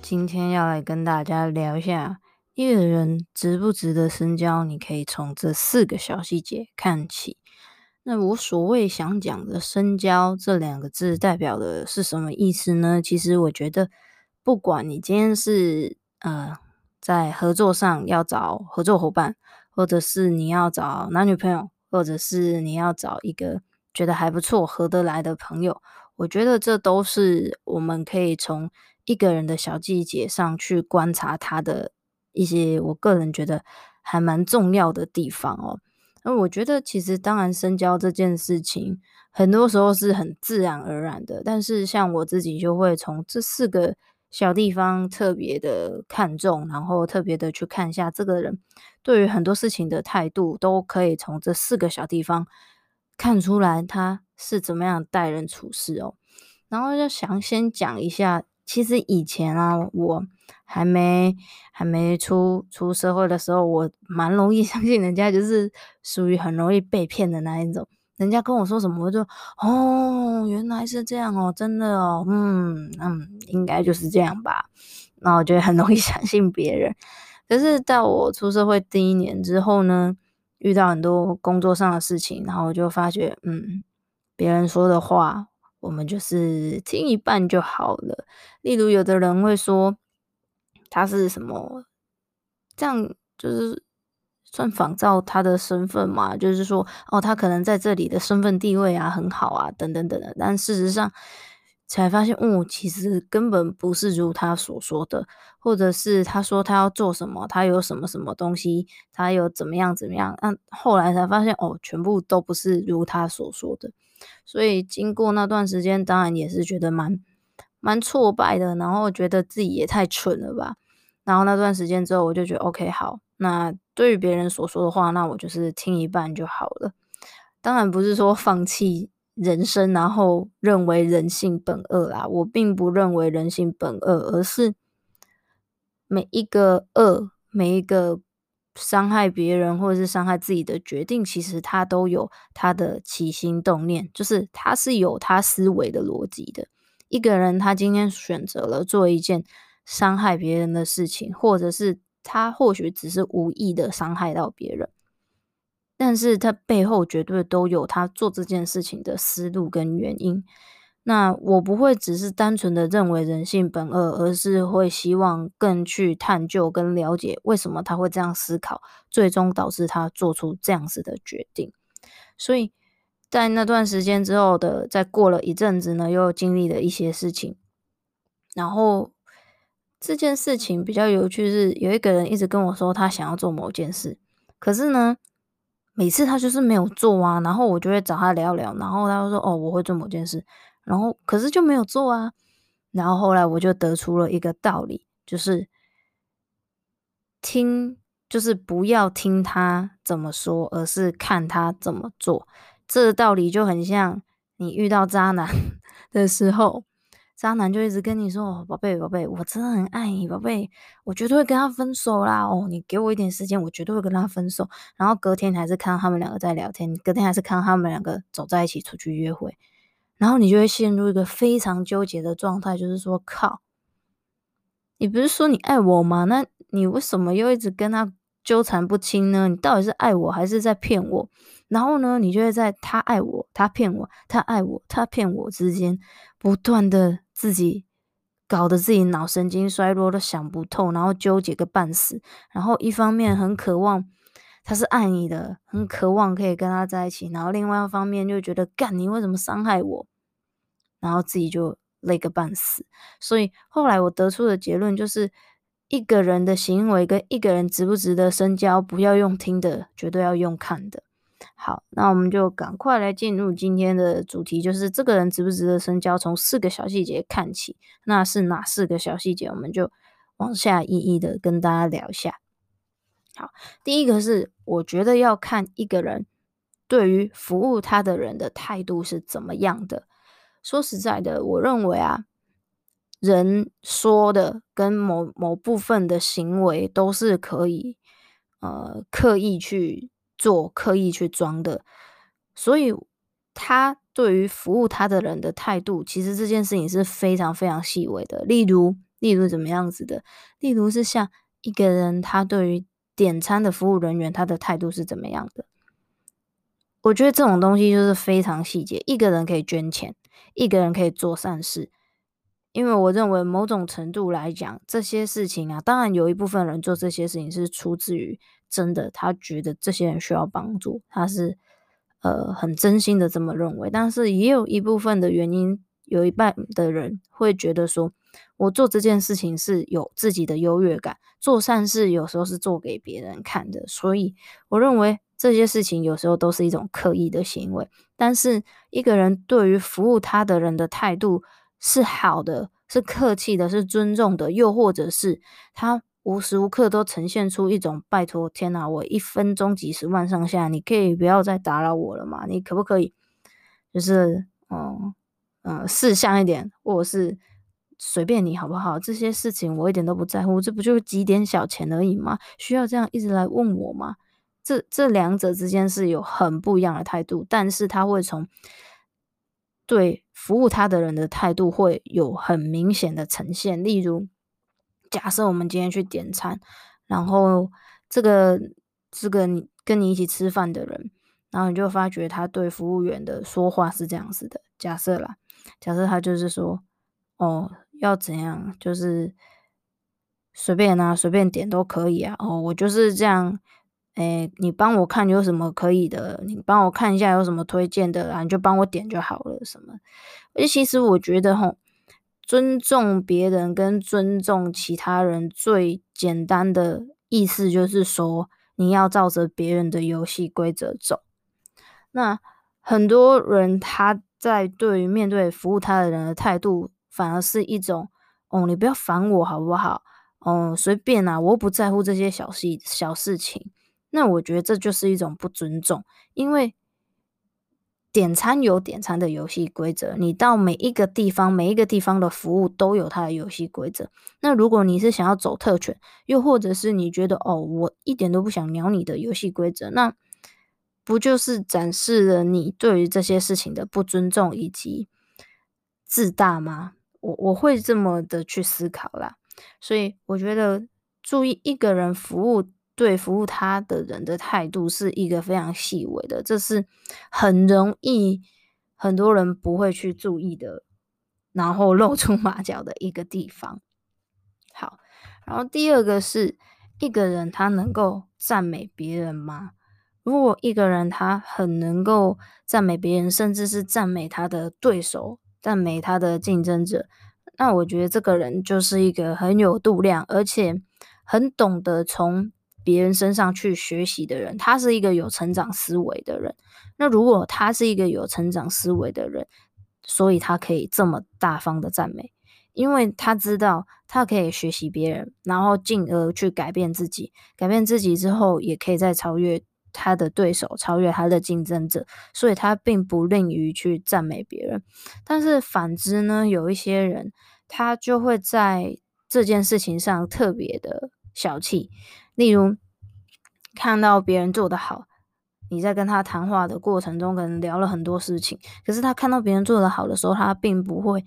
今天要來跟大家聊一下，一個人值不值得深交，你可以從這四個小細節看起。那我所謂想講的“深交”這兩個字代表的是什麼意思呢？其實我覺得，不管你今天是呃在合作上要找合作夥伴，或者是你要找男女朋友，或者是你要找一個覺得還不錯、合得來的朋友。我覺得這都是我們可以從一個人的小細節上去觀察他的一些，我個人覺得還蠻重要的地方哦。那我覺得其實當然深交這件事情很多時候是很自然而然的，但是像我自己就會從這四個小地方特別的看重，然後特別的去看一下這個人對於很多事情的態度，都可以從這四個小地方看出來他是怎麼樣待人處事哦，然後就想先講一下，其實以前啊，我還沒還沒出出社會的時候，我蠻容易相信人家，就是屬於很容易被騙的那一種。人家跟我說什麼，我就哦，原來是這樣哦，真的哦，嗯嗯，應該就是這樣吧。然後我覺得很容易相信別人。可是到我出社會第一年之後呢，遇到很多工作上的事情，然後我就發覺，嗯。別人說的話，我們就是聽一半就好了。例如，有的人會說他是什麼，這樣就是算仿照他的身份嘛？就是說，哦，他可能在這裡的身份地位啊很好啊，等等等等。但事實上，才發現哦、嗯，其實根本不是如他所說的，或者是他說他要做什麼，他有什麼什麼東西，他有怎麼樣怎麼樣，那後來才發現哦，全部都不是如他所說的。所以經過那段時間，當然也是覺得蠻蠻挫敗的，然後覺得自己也太蠢了吧。然後那段時間之後，我就覺得 OK 好，那對於別人所說的話，那我就是聽一半就好了。當然不是說放棄人生，然後認為人性本惡啊，我並不認為人性本惡，而是每一個惡，每一個。傷害別人或者是傷害自己的決定，其實他都有他的起心動念，就是他是有他思維的邏輯的。一個人他今天選擇了做一件傷害別人的事情，或者是他或許只是無意的傷害到別人，但是他背後絕對都有他做這件事情的思路跟原因。那我不會只是單純的認為人性本惡，而是會希望更去探究跟了解為什麼他會這樣思考，最終導致他做出這樣子的決定。所以在那段時間之後的，在過了一陣子呢，又經歷了一些事情。然後這件事情比較有趣是，是有一個人一直跟我說他想要做某件事，可是呢，每次他就是沒有做啊。然後我就會找他聊聊，然後他就說：“哦，我會做某件事。”然後，可是就沒有做啊。然後後來我就得出了一個道理，就是聽，就是不要聽他怎麼說，而是看他怎麼做。這道理就很像你遇到渣男的時候，渣男就一直跟你說：“寶貝，寶貝，我真的很愛你，寶貝，我絕對會跟他分手啦。”哦，你給我一點時間，我絕對會跟他分手。然後隔天還是看到他們兩個在聊天，隔天還是看到他們兩個走在一起出去約會。然後你就會陷入一個非常糾結的狀態，就是說，靠，你不是說你愛我嗎？那你為什麼又一直跟他糾纏不清呢？你到底是愛我還是在騙我？然後呢，你就會在他愛我、他騙我、他愛我、他騙我之間，不斷的自己搞得自己腦神經衰弱，都想不透，然後糾結個半死。然後一方面很渴望他是愛你的，很渴望可以跟他在一起，然後另外一方面就覺得，幹，你為什麼傷害我？然後自己就累個半死，所以後來我得出的結論就是，一個人的行為跟一個人值不值得深交，不要用聽的，絕對要用看的。好，那我們就趕快來進入今天的主題，就是這個人值不值得深交，從四個小細節看起。那是哪四個小細節？我們就往下一一的跟大家聊一下。好，第一個是我覺得要看一個人對於服務他的人的態度是怎麼樣的。說實在的，我認為啊，人說的跟某某部分的行為都是可以呃刻意去做，刻意去裝的。所以他對於服務他的人的態度，其實這件事情是非常非常細微的。例如，例如怎麼樣子的？例如是像一個人，他對於點餐的服務人員，他的態度是怎麼樣的？我覺得這種東西就是非常細節，一個人可以捐錢。一個人可以做善事，因為我認為某種程度來講，這些事情啊，當然有一部分人做這些事情是出自於真的，他覺得這些人需要幫助，他是呃很真心的這麼認為，但是也有一部分的原因，有一半的人會覺得說。我做這件事情是有自己的優越感，做善事有時候是做給別人看的，所以我認為這些事情有時候都是一種刻意的行為。但是一個人對於服務他的人的態度是好的，是客氣的，是尊重的，又或者是他無時無刻都呈現出一種拜托，天吶，我一分鐘幾十萬上下，你可以不要再打擾我了嘛？你可不可以就是嗯嗯，呃，識相一點，或者是。隨便你好不好，這些事情我一點都不在乎，這不就幾點小錢而已嗎？需要這樣一直來問我嗎？這這兩者之間是有很不一樣的態度，但是他會從對服務他的人的態度會有很明顯的呈現。例如，假設我們今天去點餐，然後這個這個跟你一起吃飯的人，然後你就發覺他對服務員的說話是這樣子的。假設啦，假設他就是說，哦。要怎樣？就是隨便啊，隨便點都可以啊。哦，我就是這樣。哎，你幫我看有什麼可以的，你幫我看一下有什麼推薦的啊，你就幫我點就好了。什麼？而且其實我覺得，吼，尊重別人跟尊重其他人最簡單的意思就是說，你要照着別人的遊戲規則走。那很多人他在對於面對服務他的人的態度。反而是一種，哦，你不要煩我好不好？哦，隨便啦、啊，我不在乎這些小事小事情。那我覺得這就是一種不尊重，因為點餐有點餐的遊戲規則，你到每一個地方，每一個地方的服務都有它的遊戲規則。那如果你是想要走特權，又或者是你覺得哦，我一點都不想鳥你的遊戲規則，那不就是展示了你對於這些事情的不尊重以及自大嗎？我我會這麼的去思考啦，所以我覺得注意一個人服務，對服務他的人的態度是一個非常細微的，這是很容易很多人不會去注意的，然後露出馬腳的一個地方。好，然後第二個是一個人他能夠讚美別人嗎？如果一個人他很能夠讚美別人，甚至是讚美他的對手。讚美他的競爭者，那我覺得這個人就是一個很有度量，而且很懂得從別人身上去學習的人。他是一個有成長思維的人。那如果他是一個有成長思維的人，所以他可以這麼大方的讚美，因為他知道他可以學習別人，然後進而去改變自己。改變自己之後，也可以再超越。他的對手超越他的競爭者，所以他並不吝於去讚美別人。但是反之呢？有一些人他就會在這件事情上特別的小氣。例如，看到別人做得好，你在跟他談話的過程中可能聊了很多事情，可是他看到別人做得好的時候，他並不會。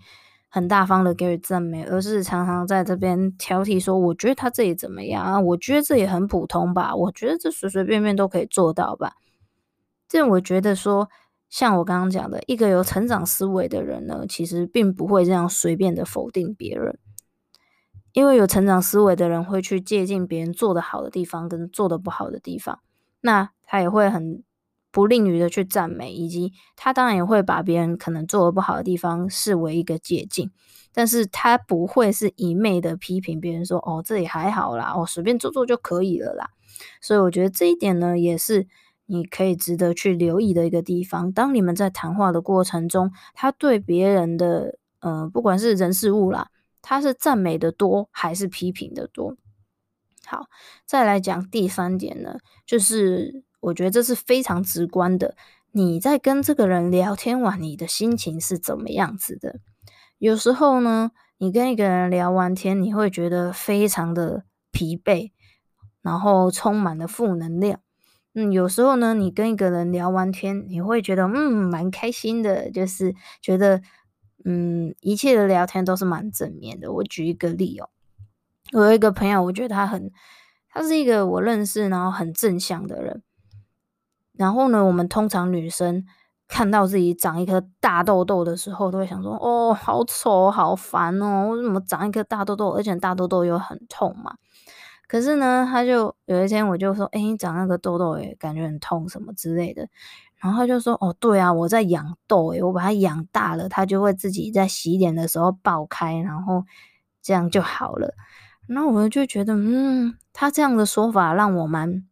很大方的給予讚美，而是常常在這邊挑剔說：“我覺得他自己怎麼樣啊？我覺得這也很普通吧？我覺得這隨隨便便都可以做到吧？”這我覺得說，像我剛剛講的一個有成長思維的人呢，其實並不會這樣隨便的否定別人，因為有成長思維的人會去借鑑別人做得好的地方跟做得不好的地方，那他也會很。不吝於的去讚美，以及他當然也會把別人可能做的不好的地方視為一個借鑒，但是他不會是一昧的批評別人說，說哦這裡還好啦，哦隨便做做就可以了啦。所以我覺得這一點呢，也是你可以值得去留意的一個地方。當你們在談話的過程中，他對別人的，嗯、呃，不管是人事物啦，他是讚美的多還是批評的多？好，再來講第三點呢，就是。我覺得這是非常直觀的。你在跟這個人聊天完，你的心情是怎麼樣子的？有時候呢，你跟一個人聊完天，你會覺得非常的疲憊，然後充滿了負能量。嗯，有時候呢，你跟一個人聊完天，你會覺得嗯蠻開心的，就是覺得嗯一切的聊天都是蠻正面的。我舉一個例哦，我有一個朋友，我覺得他很，他是一個我認識然後很正向的人。然後呢，我們通常女生看到自己長一顆大痘痘的時候，都會想說：“哦，好醜，好煩哦，我為什麼長一顆大痘痘？而且大痘痘又很痛嘛。”可是呢，他就有一天我就說：“哎、欸，你長那個痘痘感覺很痛什麼之類的。”然後他就說：“哦，對啊，我在養痘誒，我把它養大了，它就會自己在洗臉的時候爆開，然後這樣就好了。”然後我就覺得，嗯，他這樣的說法讓我蠻。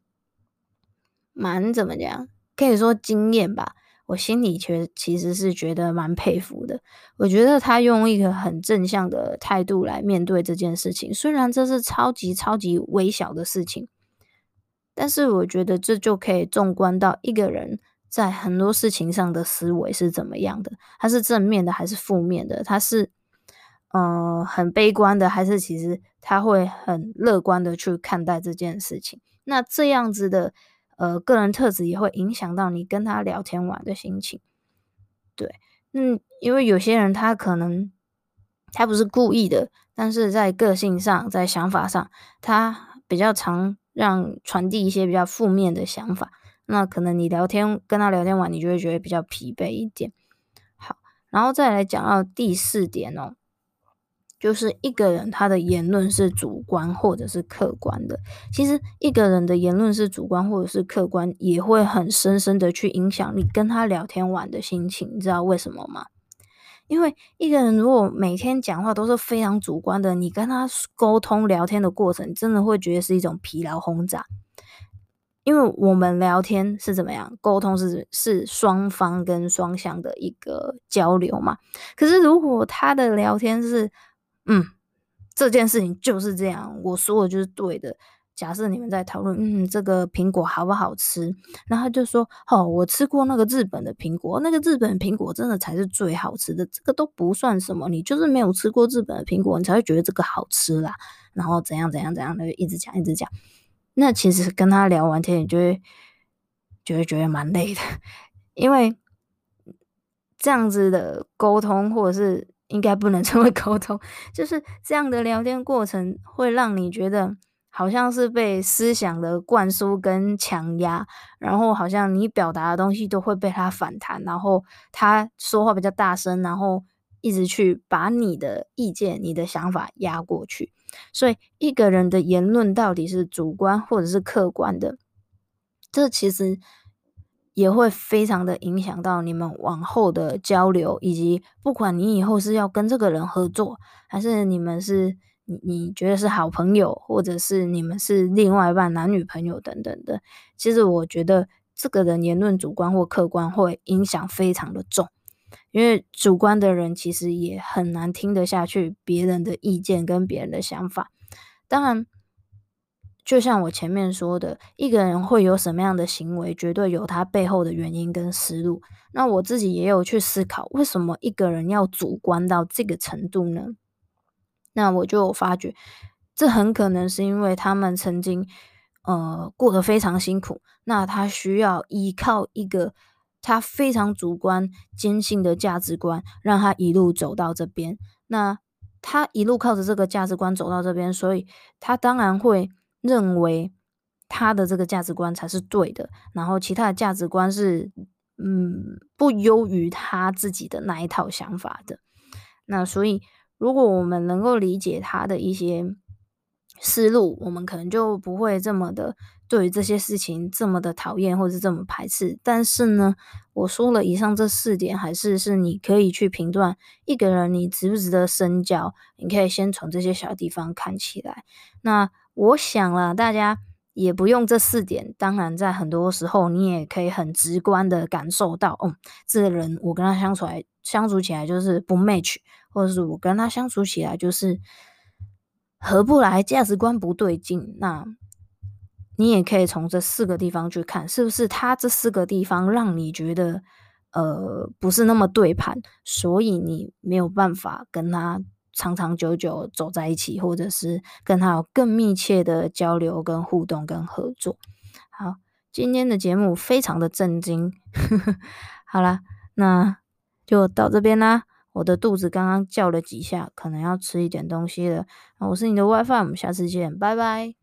蠻怎麼講？可以說驚豔吧。我心裡其實其實是覺得蠻佩服的。我覺得他用一個很正向的態度來面對這件事情，雖然這是超級超級微小的事情，但是我覺得這就可以縱觀到一個人在很多事情上的思維是怎麼樣的。他是正面的還是負面的？他是呃很悲觀的，還是其實他會很樂觀的去看待這件事情？那這樣子的。呃，個人特質也會影響到你跟他聊天完的心情。對，嗯，因為有些人他可能他不是故意的，但是在個性上，在想法上，他比較常讓傳遞一些比較負面的想法。那可能你聊天跟他聊天完，你就會覺得比較疲憊一點。好，然後再來講到第四點哦。就是一個人他的言論是主觀或者是客觀的，其實一個人的言論是主觀或者是客觀，也會很深深的去影響你跟他聊天完的心情，你知道為什麼嗎？因為一個人如果每天講話都是非常主觀的，你跟他溝通聊天的過程，真的會覺得是一種疲勞轟炸。因為我們聊天是怎麼樣，溝通是是雙方跟雙向的一個交流嘛，可是如果他的聊天是。嗯，這件事情就是這樣，我說的就是對的。假設你們在討論，嗯，這個蘋果好不好吃，然後就說，哦，我吃過那個日本的蘋果，那個日本蘋果真的才是最好吃的。這個都不算什麼，你就是沒有吃過日本的蘋果，你才會覺得這個好吃啦。然後怎樣怎樣怎樣的，就一直講一直講。那其實跟他聊完天，你就會覺得覺得蠻累的，因為這樣子的溝通或者是。應該不能稱為溝通，就是這樣的聊天過程會讓你覺得好像是被思想的灌輸跟強壓，然後好像你表達的東西都會被他反彈，然後他說話比較大聲，然後一直去把你的意見、你的想法壓過去。所以一個人的言論到底是主觀或者是客觀的，這其實。也會非常的影響到你們往後的交流，以及不管你以後是要跟這個人合作，還是你們是你你覺得是好朋友，或者是你們是另外一半男女朋友等等的，其實我覺得這個的言論主觀或客觀會影響非常的重，因為主觀的人其實也很難聽得下去別人的意見跟別人的想法，當然。就像我前面說的，一個人會有什麼樣的行為，絕對有他背後的原因跟思路。那我自己也有去思考，為什麼一個人要主觀到這個程度呢？那我就發覺，這很可能是因為他們曾經，呃，過得非常辛苦。那他需要依靠一個他非常主觀堅信的價值觀，讓他一路走到這邊。那他一路靠着這個價值觀走到這邊，所以他當然會。認為他的這個價值觀才是對的，然後其他的價值觀是，嗯，不優於他自己的那一套想法的。那所以，如果我們能夠理解他的一些思路，我們可能就不會這麼的對於這些事情這麼的討厭或者是這麼排斥。但是呢，我說了以上這四點，還是是你可以去評斷一個人你值不值得深交，你可以先從這些小地方看起來。那。我想了，大家也不用這四點。當然，在很多時候，你也可以很直觀的感受到，嗯、哦，這個人我跟他相處來相處起來就是不 match，或者是我跟他相處起來就是合不來，價值觀不對勁。那你也可以從這四個地方去看，是不是他這四個地方讓你覺得呃不是那麼對盤，所以你沒有辦法跟他。長長久久走在一起，或者是跟他有更密切的交流、跟互動、跟合作。好，今天的節目非常的震驚。 好啦，那就到這邊啦。我的肚子剛剛叫了幾下，可能要吃一點東西了。我是你的 WiFi，我們下次見，拜拜。